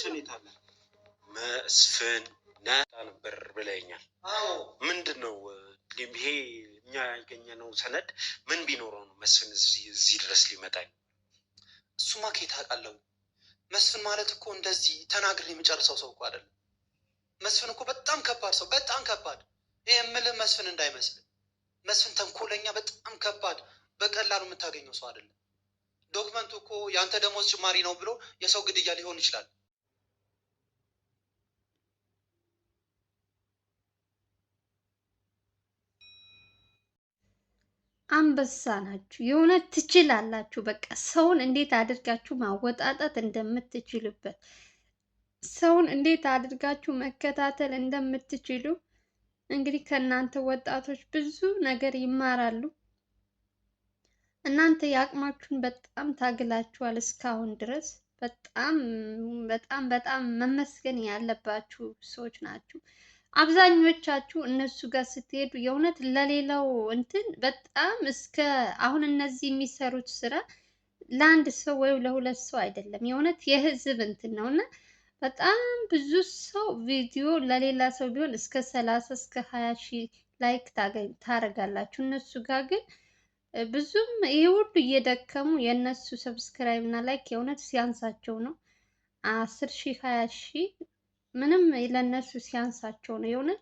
መስፍን የታለ? መስፍን ነበር ብለኛል። ምንድን ነው ይሄ? እኛ ያገኘነው ሰነድ ምን ቢኖረው ነው መስፍን እዚህ ድረስ ሊመጣኝ? እሱማ ከየት አውቃለሁ። መስፍን ማለት እኮ እንደዚህ ተናግሬ የሚጨርሰው ሰው እኮ አይደለም። መስፍን እኮ በጣም ከባድ ሰው፣ በጣም ከባድ። ይህ የምልህ መስፍን እንዳይመስል። መስፍን ተንኮለኛ፣ በጣም ከባድ፣ በቀላሉ የምታገኘው ሰው አይደለም። ዶክመንቱ እኮ የአንተ ደሞዝ ጭማሪ ነው ብሎ የሰው ግድያ ሊሆን ይችላል። አንበሳ ናችሁ። የእውነት ትችላላችሁ። በቃ ሰውን እንዴት አድርጋችሁ ማወጣጣት እንደምትችሉበት፣ ሰውን እንዴት አድርጋችሁ መከታተል እንደምትችሉ እንግዲህ ከእናንተ ወጣቶች ብዙ ነገር ይማራሉ። እናንተ የአቅማችሁን በጣም ታግላችኋል እስካሁን ድረስ። በጣም በጣም በጣም መመስገን ያለባችሁ ሰዎች ናችሁ። አብዛኞቻችሁ እነሱ ጋር ስትሄዱ የእውነት ለሌላው እንትን በጣም እስከ አሁን እነዚህ የሚሰሩት ስራ ለአንድ ሰው ወይም ለሁለት ሰው አይደለም፣ የእውነት የህዝብ እንትን ነው እና በጣም ብዙ ሰው ቪዲዮ ለሌላ ሰው ቢሆን እስከ ሰላሳ እስከ ሀያ ሺህ ላይክ ታደርጋላችሁ። እነሱ ጋር ግን ብዙም ይሄ ሁሉ እየደከሙ የእነሱ ሰብስክራይብ እና ላይክ የእውነት ሲያንሳቸው ነው አስር ሺህ ሀያ ሺህ ምንም ለነሱ ሲያንሳቸው ነው የእውነት።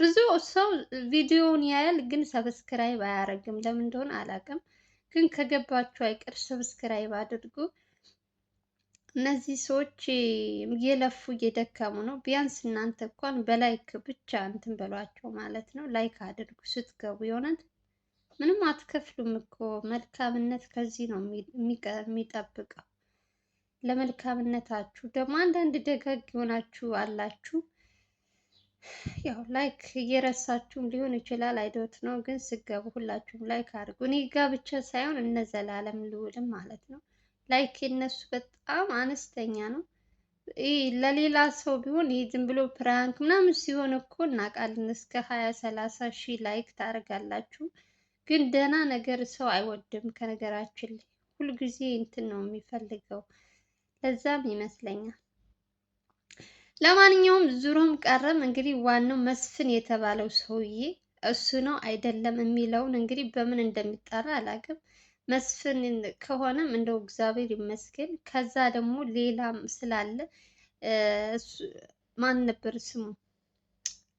ብዙ ሰው ቪዲዮውን ያያል፣ ግን ሰብስክራይብ አያደርግም። ለምን እንደሆነ አላውቅም፣ ግን ከገባችሁ አይቀር ሰብስክራይብ አድርጉ። እነዚህ ሰዎች እየለፉ እየደከሙ ነው። ቢያንስ እናንተ እንኳን በላይክ ብቻ እንትን በሏቸው ማለት ነው። ላይክ አድርጉ ስትገቡ። የእውነት ምንም አትከፍሉም እኮ መልካምነት ከዚህ ነው የሚጠብቀው። ለመልካምነታችሁ ደግሞ አንዳንድ ደጋግ የሆናችሁ አላችሁ። ያው ላይክ እየረሳችሁም ሊሆን ይችላል፣ አይዶት ነው ግን ስገቡ ሁላችሁም ላይክ አድርጉ። እኔ ጋ ብቻ ሳይሆን እነ ዘላለም ልውልም ማለት ነው። ላይክ የነሱ በጣም አነስተኛ ነው። ለሌላ ሰው ቢሆን ይህ ዝም ብሎ ፕራንክ ምናምን ሲሆን እኮ እናውቃለን። እስከ ሀያ ሰላሳ ሺህ ላይክ ታደርጋላችሁ። ግን ደህና ነገር ሰው አይወድም። ከነገራችን ላይ ሁልጊዜ እንትን ነው የሚፈልገው ለዛም ይመስለኛል። ለማንኛውም ዙሮም ቀረም እንግዲህ ዋናው መስፍን የተባለው ሰውዬ እሱ ነው አይደለም የሚለውን እንግዲህ በምን እንደሚጠራ አላውቅም። መስፍን ከሆነም እንደው እግዚአብሔር ይመስገን። ከዛ ደግሞ ሌላም ስላለ ማን ነበር ስሙ?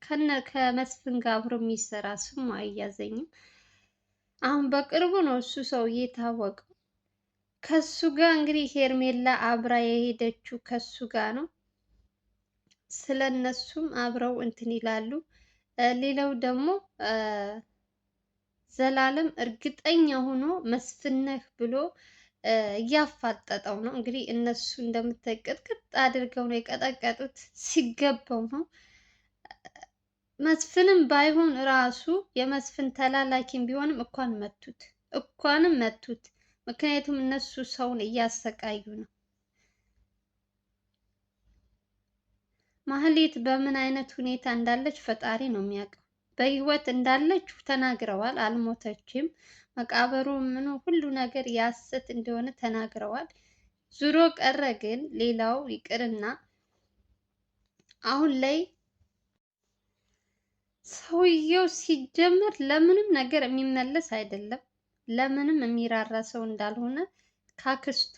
ከነ ከመስፍን ጋር አብሮ የሚሰራ ስሙ አያዘኝም። አሁን በቅርቡ ነው እሱ ሰውዬ የታወቀው። ከሱ ጋር እንግዲህ ሄርሜላ አብራ የሄደችው ከሱ ጋር ነው። ስለ እነሱም አብረው እንትን ይላሉ። ሌላው ደግሞ ዘላለም እርግጠኛ ሆኖ መስፍነህ ብሎ እያፋጠጠው ነው። እንግዲህ እነሱ እንደምትቀጥቅጥ አድርገው ነው የቀጠቀጡት፣ ሲገባው ነው። መስፍንም ባይሆን ራሱ የመስፍን ተላላኪም ቢሆንም እኳን መቱት፣ እኳንም መቱት። ምክንያቱም እነሱ ሰውን እያሰቃዩ ነው። ማህሌት በምን አይነት ሁኔታ እንዳለች ፈጣሪ ነው የሚያውቀው። በህይወት እንዳለች ተናግረዋል። አልሞተችም። መቃብሩ ምኑ ሁሉ ነገር ያሰት እንደሆነ ተናግረዋል። ዙሮ ቀረ ግን ሌላው ይቅርና አሁን ላይ ሰውየው ሲጀመር ለምንም ነገር የሚመለስ አይደለም። ለምንም የሚራራ ሰው እንዳልሆነ ከአክስቷ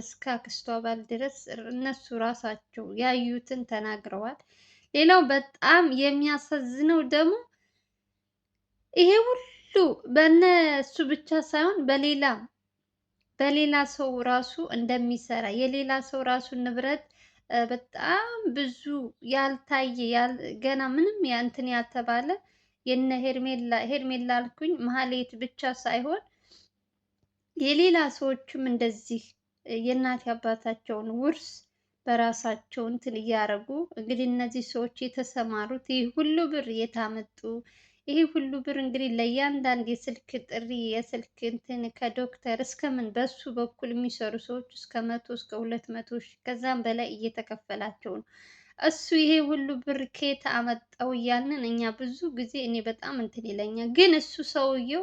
እስከ አክስቷ ባል ድረስ እነሱ ራሳቸው ያዩትን ተናግረዋል። ሌላው በጣም የሚያሳዝነው ደግሞ ይሄ ሁሉ በእነሱ ብቻ ሳይሆን በሌላ በሌላ ሰው ራሱ እንደሚሰራ የሌላ ሰው ራሱ ንብረት በጣም ብዙ ያልታየ ገና ምንም እንትን ያልተባለ የነ ሄርሜላ ሄርሜላ አልኩኝ ማህሌት ብቻ ሳይሆን የሌላ ሰዎችም እንደዚህ የእናት አባታቸውን ውርስ በራሳቸው እንትን እያደረጉ እንግዲህ እነዚህ ሰዎች የተሰማሩት ይህ ሁሉ ብር የታመጡ ይህ ሁሉ ብር እንግዲህ ለእያንዳንድ የስልክ ጥሪ የስልክ እንትን ከዶክተር እስከምን በሱ በኩል የሚሰሩ ሰዎች እስከ መቶ እስከ ሁለት መቶ ከዛም በላይ እየተከፈላቸው ነው። እሱ ይሄ ሁሉ ብር ከየት አመጣው እያልን እኛ ብዙ ጊዜ እኔ በጣም እንትን ይለኛል። ግን እሱ ሰውየው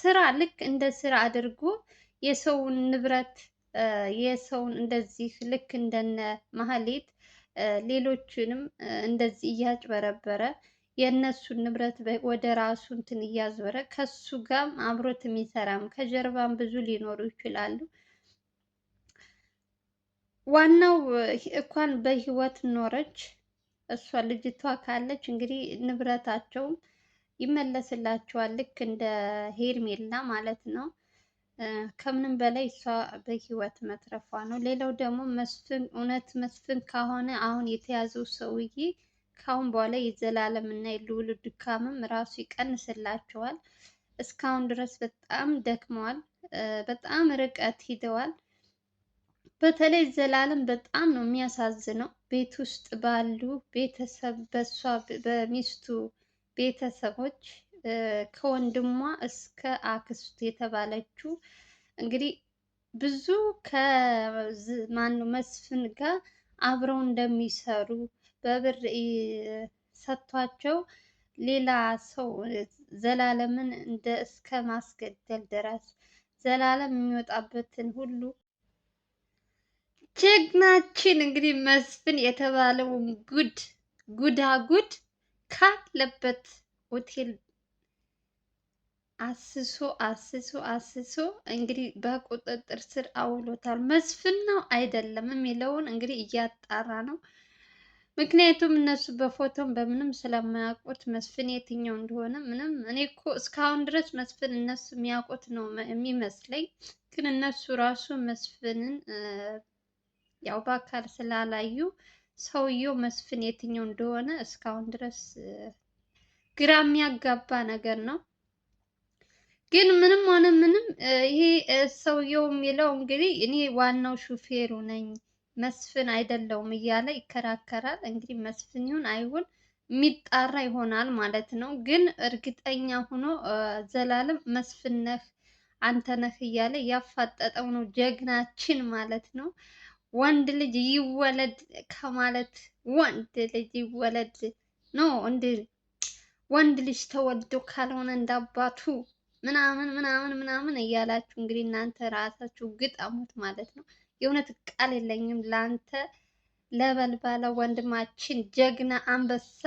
ስራ ልክ እንደ ስራ አድርጎ የሰውን ንብረት የሰውን እንደዚህ ልክ እንደነ ማህሌት ሌሎችንም እንደዚህ እያጭበረበረ የእነሱን ንብረት ወደ ራሱ እንትን እያዞረ ከሱ ጋርም አብሮት የሚሰራም ከጀርባም ብዙ ሊኖሩ ይችላሉ። ዋናው እንኳን በህይወት ኖረች እሷ ልጅቷ ካለች እንግዲህ ንብረታቸው ይመለስላቸዋል። ልክ እንደ ሄርሜላ ማለት ነው። ከምንም በላይ እሷ በህይወት መትረፏ ነው። ሌላው ደግሞ መስፍን እውነት መስፍን ከሆነ አሁን የተያዘው ሰውዬ ከአሁን በኋላ የዘላለም እና የልውል ድካምም ራሱ ይቀንስላቸዋል። እስካሁን ድረስ በጣም ደክመዋል። በጣም ርቀት ሂደዋል። በተለይ ዘላለም በጣም ነው የሚያሳዝነው። ቤት ውስጥ ባሉ ቤተሰብ በሷ በሚስቱ ቤተሰቦች ከወንድሟ እስከ አክስቱ የተባለችው እንግዲህ ብዙ ከማን መስፍን ጋር አብረው እንደሚሰሩ በብር ሰጥቷቸው ሌላ ሰው ዘላለምን እንደ እስከ ማስገደል ድረስ ዘላለም የሚወጣበትን ሁሉ ጀግናችን እንግዲህ መስፍን የተባለው ጉድ ጉዳጉድ ካለበት ሆቴል አስሶ አስሶ አስሶ እንግዲህ በቁጥጥር ስር አውሎታል። መስፍን ነው አይደለም የሚለውን እንግዲህ እያጣራ ነው። ምክንያቱም እነሱ በፎቶም በምንም ስለማያውቁት መስፍን የትኛው እንደሆነ ምንም። እኔ እኮ እስካሁን ድረስ መስፍን እነሱ የሚያውቁት ነው የሚመስለኝ፣ ግን እነሱ ራሱ መስፍንን ያው በአካል ስላላዩ ሰውየው መስፍን የትኛው እንደሆነ እስካሁን ድረስ ግራ የሚያጋባ ነገር ነው። ግን ምንም ሆነ ምንም ይሄ ሰውየው የሚለው እንግዲህ እኔ ዋናው ሹፌሩ ነኝ መስፍን አይደለውም እያለ ይከራከራል። እንግዲህ መስፍን ይሁን አይሁን የሚጣራ ይሆናል ማለት ነው። ግን እርግጠኛ ሆኖ ዘላለም መስፍን ነህ አንተ ነህ እያለ ያፋጠጠው ነው ጀግናችን ማለት ነው። ወንድ ልጅ ይወለድ ከማለት ወንድ ልጅ ይወለድ ኖ እንድ ወንድ ልጅ ተወልዶ ካልሆነ እንዳባቱ ምናምን ምናምን ምናምን እያላችሁ እንግዲህ እናንተ ራሳችሁ ግጠሙት ማለት ነው። የእውነት ቃል የለኝም ለአንተ ለበልባለ ወንድማችን ጀግና አንበሳ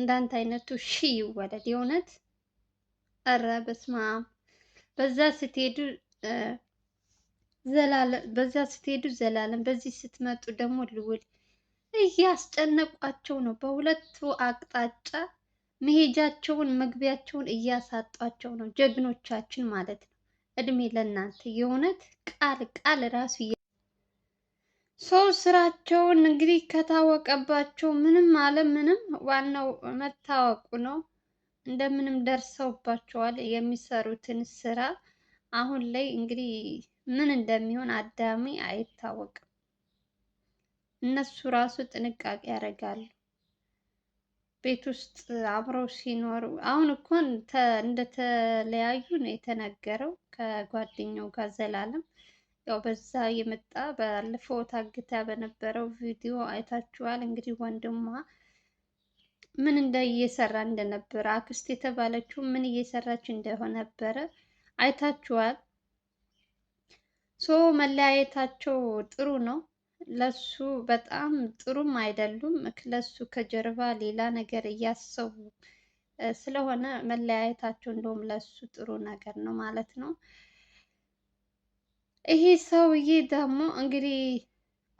እንዳንተ አይነቱ ሺ ይወለድ የእውነት ኧረ በስመ አብ በዛ ስትሄዱ ዘላለም በዛ ስትሄዱ ዘላለም፣ በዚህ ስትመጡ ደግሞ ልውል እያስጨነቋቸው ነው። በሁለቱ አቅጣጫ መሄጃቸውን መግቢያቸውን እያሳጧቸው ነው። ጀግኖቻችን ማለት ነው። እድሜ ለእናንተ የእውነት ቃል ቃል ራሱ ሰው ስራቸውን እንግዲህ ከታወቀባቸው ምንም አለ ምንም፣ ዋናው መታወቁ ነው። እንደምንም ደርሰውባቸዋል የሚሰሩትን ስራ አሁን ላይ እንግዲህ ምን እንደሚሆን አዳሚ አይታወቅም። እነሱ ራሱ ጥንቃቄ ያደርጋሉ። ቤት ውስጥ አብረው ሲኖሩ አሁን እኮ እንደተለያዩ ነው የተነገረው ከጓደኛው ጋር ዘላለም ያው በዛ የመጣ ባለፈው ታግታ በነበረው ቪዲዮ አይታችኋል። እንግዲህ ወንድሟ ምን እንደ እየሰራ እንደነበረ አክስት የተባለችው ምን እየሰራች እንደሆነ ነበረ አይታችኋል። ሶ መለያየታቸው ጥሩ ነው። ለሱ በጣም ጥሩም አይደሉም። ለሱ ከጀርባ ሌላ ነገር እያሰቡ ስለሆነ መለያየታቸው እንደውም ለሱ ጥሩ ነገር ነው ማለት ነው። ይሄ ሰውዬ ደግሞ እንግዲህ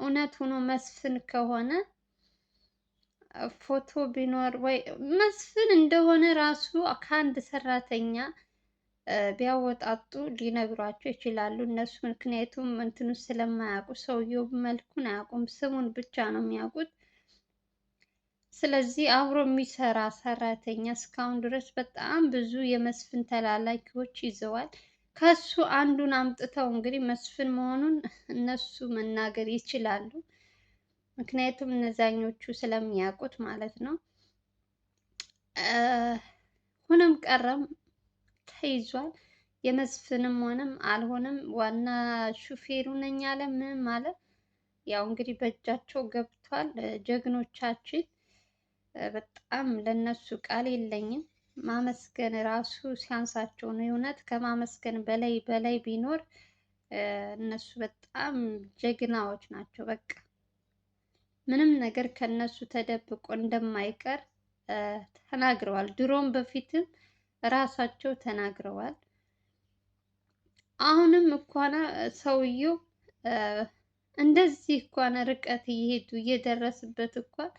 እውነት ሆኖ መስፍን ከሆነ ፎቶ ቢኖር ወይ መስፍን እንደሆነ ራሱ ከአንድ ሰራተኛ ቢያወጣጡ ሊነግሯቸው ይችላሉ። እነሱ ምክንያቱም እንትኑ ስለማያውቁ ሰውየው መልኩን አያውቁም፣ ስሙን ብቻ ነው የሚያውቁት። ስለዚህ አብሮ የሚሰራ ሰራተኛ እስካሁን ድረስ በጣም ብዙ የመስፍን ተላላኪዎች ይዘዋል። ከሱ አንዱን አምጥተው እንግዲህ መስፍን መሆኑን እነሱ መናገር ይችላሉ። ምክንያቱም እነዛኞቹ ስለሚያውቁት ማለት ነው። ሆነም ቀረም ተይዟል። የመስፍንም ሆነም አልሆነም ዋና ሹፌሩ ነኝ አለ ምንም አለ፣ ያው እንግዲህ በእጃቸው ገብቷል። ጀግኖቻችን በጣም ለነሱ ቃል የለኝም። ማመስገን ራሱ ሲያንሳቸው ነው። የእውነት ከማመስገን በላይ በላይ ቢኖር እነሱ በጣም ጀግናዎች ናቸው። በቃ ምንም ነገር ከነሱ ተደብቆ እንደማይቀር ተናግረዋል። ድሮም በፊትም ራሳቸው ተናግረዋል። አሁንም እንኳን ሰውየው እንደዚህ እንኳን ርቀት እየሄዱ እየደረስበት እንኳን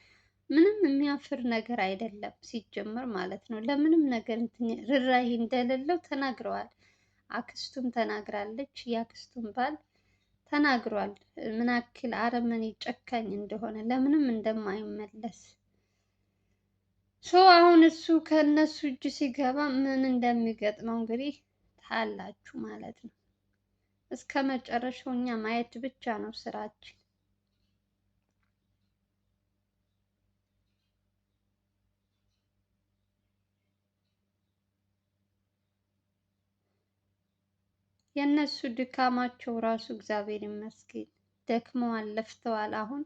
ምንም የሚያፍር ነገር አይደለም ሲጀመር ማለት ነው። ለምንም ነገር ርራይ እንደሌለው ተናግረዋል። አክስቱም ተናግራለች። የአክስቱም ባል ተናግሯል። ምን ያክል አረመኔ ጨካኝ እንደሆነ ለምንም እንደማይመለስ ሶ አሁን እሱ ከነሱ እጅ ሲገባ ምን እንደሚገጥመው እንግዲህ ታላችሁ ማለት ነው። እስከ መጨረሻው እኛ ማየት ብቻ ነው ስራችን። የእነሱ ድካማቸው ራሱ እግዚአብሔር ይመስገን ደክመዋል፣ ለፍተዋል። አሁን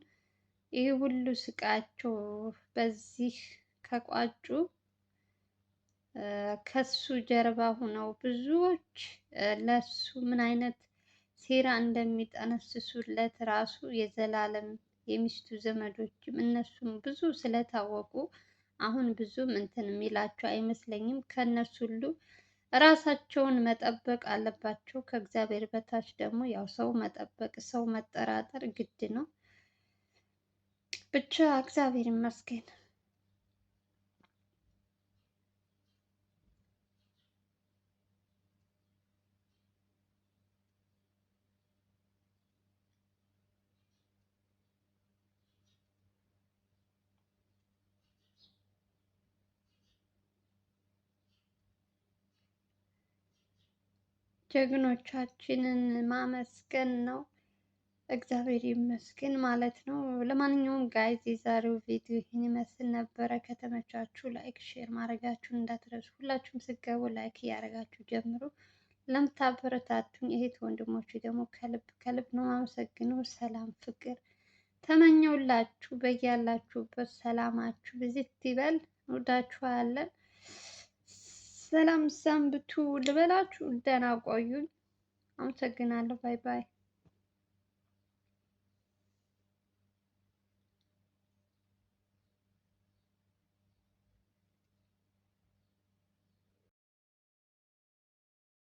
ይህ ሁሉ ስቃያቸው በዚህ ከቋጩ ከሱ ጀርባ ሆነው ብዙዎች ለሱ ምን አይነት ሴራ እንደሚጠነስሱለት ራሱ የዘላለም የሚስቱ ዘመዶችም እነሱም ብዙ ስለታወቁ አሁን ብዙም እንትን የሚላቸው አይመስለኝም። ከእነሱ ሁሉ እራሳቸውን መጠበቅ አለባቸው። ከእግዚአብሔር በታች ደግሞ ያው ሰው መጠበቅ ሰው መጠራጠር ግድ ነው። ብቻ እግዚአብሔር ይመስገን። ጀግኖቻችንን ማመስገን ነው። እግዚአብሔር ይመስገን ማለት ነው። ለማንኛውም ጋይዝ የዛሬው ቪዲዮ ይህን ይመስል ነበረ። ከተመቻችሁ ላይክ፣ ሼር ማድረጋችሁን እንዳትረሱ። ሁላችሁም ስገቡ ላይክ እያደረጋችሁ ጀምሩ። ለምታበረታቱኝ እህት ወንድሞች ደግሞ ከልብ ከልብ ነው የማመሰግነው። ሰላም ፍቅር ተመኘውላችሁ። በያላችሁበት ሰላማችሁ ብዝት ይበል። እንወዳችኋለን። ሰላም ሰንብቱ ልበላችሁ። ደህና ቆዩኝ። አመሰግናለሁ። ባይ ባይ።